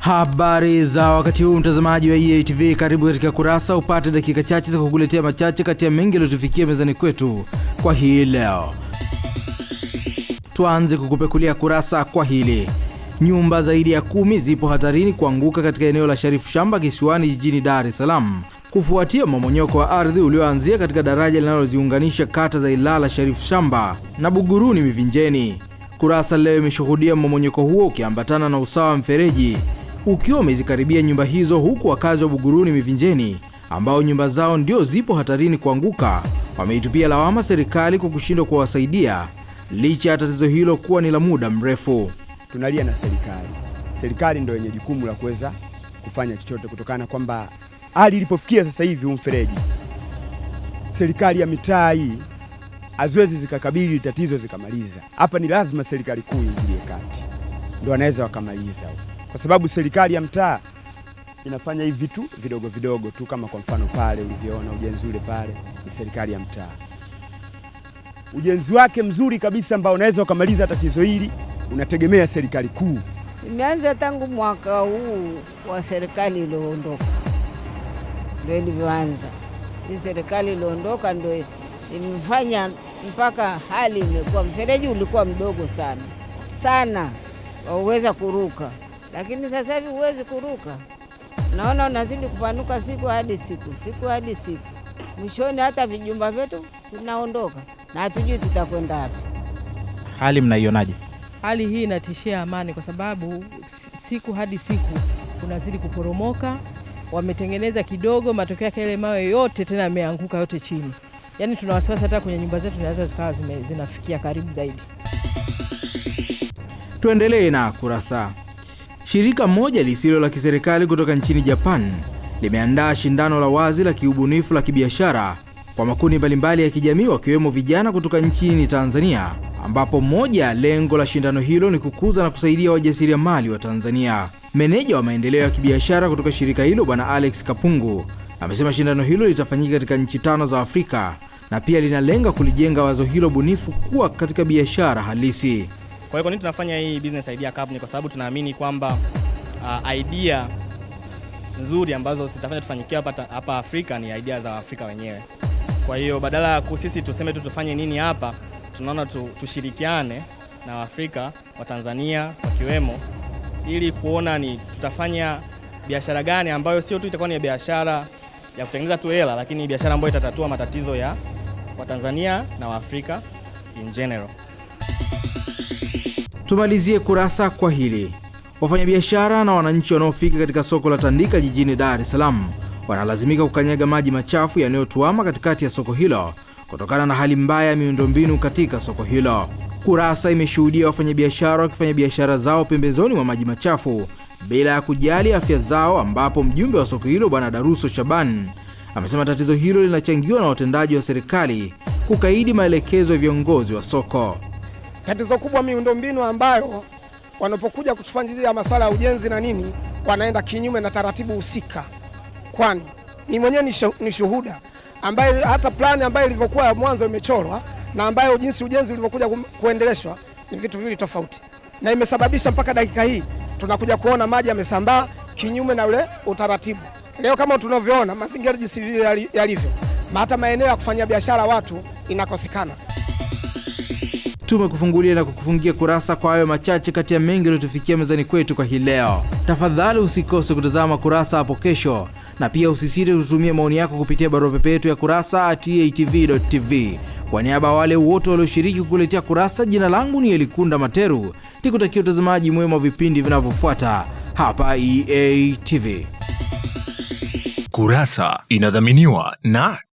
Habari za wakati huu mtazamaji wa eatv karibu katika Kurasa upate dakika chache za kukuletea machache kati ya mengi yaliyotufikia mezani kwetu kwa hii leo. Tuanze kukupekulia kurasa kwa hili. Nyumba zaidi ya kumi zipo hatarini kuanguka katika eneo la Sharifu Shamba kisiwani jijini Dar es Salaam kufuatia mmomonyoko wa ardhi ulioanzia katika daraja linaloziunganisha kata za Ilala Sharifu Shamba na Buguruni Mivinjeni. Kurasa leo imeshuhudia mmomonyoko huo ukiambatana na usawa wa mfereji ukiwa umezikaribia nyumba hizo, huku wakazi wa Buguruni Mivinjeni ambao nyumba zao ndio zipo hatarini kuanguka wameitupia lawama serikali kwa kushindwa kuwasaidia licha ya tatizo hilo kuwa ni la muda mrefu. Tunalia na serikali, serikali ndio yenye jukumu la kuweza kufanya chochote, kutokana kwamba hali ilipofikia sasa hivi umfereji, serikali ya mitaa hii haziwezi zikakabili tatizo zikamaliza. Hapa ni lazima serikali kuu ingilie kati, ndio wanaweza wakamaliza kwa sababu serikali ya mtaa inafanya hivi vitu vidogo vidogo tu, kama kwa mfano pale ulivyoona ujenzi ule pale, ni serikali ya mtaa. Ujenzi wake mzuri kabisa ambao unaweza ukamaliza tatizo hili unategemea serikali kuu. Imeanza tangu mwaka huu wa serikali ilioondoka, ndio ilivyoanza. Hii serikali iliondoka ndio imefanya mpaka hali imekuwa, mfereji ulikuwa mdogo sana sana, wauweza kuruka lakini sasa hivi huwezi kuruka. Naona unazidi kupanuka siku hadi siku, siku hadi siku, mwishoni hata vijumba vyetu tunaondoka na hatujui tutakwenda wapi. Hali mnaionaje? Hali hii inatishia amani, kwa sababu siku hadi siku unazidi kuporomoka. Wametengeneza kidogo, matokeo yake yale mawe yote tena yameanguka yote chini. Yaani tuna wasiwasi hata kwenye nyumba zetu zinaweza zikawa zinafikia karibu zaidi. Tuendelee na kurasa Shirika moja lisilo la kiserikali kutoka nchini Japan limeandaa shindano la wazi la kiubunifu la kibiashara kwa makundi mbalimbali ya kijamii wakiwemo vijana kutoka nchini Tanzania, ambapo moja ya lengo la shindano hilo ni kukuza na kusaidia wajasiriamali wa Tanzania. Meneja wa maendeleo ya kibiashara kutoka shirika hilo Bwana Alex Kapungu amesema shindano hilo litafanyika katika nchi tano za Afrika na pia linalenga kulijenga wazo hilo bunifu kuwa katika biashara halisi. Kwa hiyo kwa nini tunafanya hii business idea cup? Ni kwa sababu tunaamini kwamba uh, idea nzuri ambazo zitafanya tufanyikiwa hapa hapa Afrika ni idea za Afrika wenyewe. Kwa hiyo badala ya sisi tuseme tu tufanye nini hapa, tunaona tu, tushirikiane na Waafrika wa Tanzania wakiwemo, ili kuona ni tutafanya biashara gani ambayo sio tu itakuwa ni biashara ya kutengeneza tu hela, lakini biashara ambayo itatatua matatizo ya Watanzania na Waafrika in general. Tumalizie kurasa kwa hili. Wafanyabiashara na wananchi wanaofika katika soko la Tandika jijini Dar es Salaam wanalazimika kukanyaga maji machafu yanayotuama katikati ya soko hilo kutokana na hali mbaya ya miundombinu katika soko hilo. Kurasa imeshuhudia wafanyabiashara wakifanya biashara zao pembezoni mwa maji machafu bila ya kujali afya zao, ambapo mjumbe wa soko hilo Bwana Daruso Shaban amesema tatizo hilo linachangiwa na watendaji wa serikali kukaidi maelekezo ya viongozi wa soko. Tatizo kubwa miundombinu ambayo wanapokuja kutufanyia masala ya ujenzi na nini, wanaenda kinyume na taratibu husika, kwani ni mwenyewe ni shuhuda ambaye hata plani ambayo ilivyokuwa ya mwanzo imechorwa na ambayo jinsi ujenzi ulivyokuja kuendeleshwa ni vitu viwili tofauti, na imesababisha mpaka dakika hii tunakuja kuona maji yamesambaa kinyume na ule utaratibu. Leo kama tunavyoona mazingira jinsi yalivyo, hata maeneo ya kufanya biashara watu inakosekana tumekufungulia na kukufungia kurasa kwa hayo machache kati ya mengi yaliyotufikia mezani kwetu kwa hii leo. Tafadhali usikose kutazama kurasa hapo kesho, na pia usisite kututumia maoni yako kupitia barua pepe yetu ya kurasa at EATV.tv. Kwa niaba ya wale wote walioshiriki kukuletea kurasa, jina langu ni Elikunda Materu, nikutakia utazamaji mwema wa vipindi vinavyofuata hapa EA TV. Kurasa inadhaminiwa na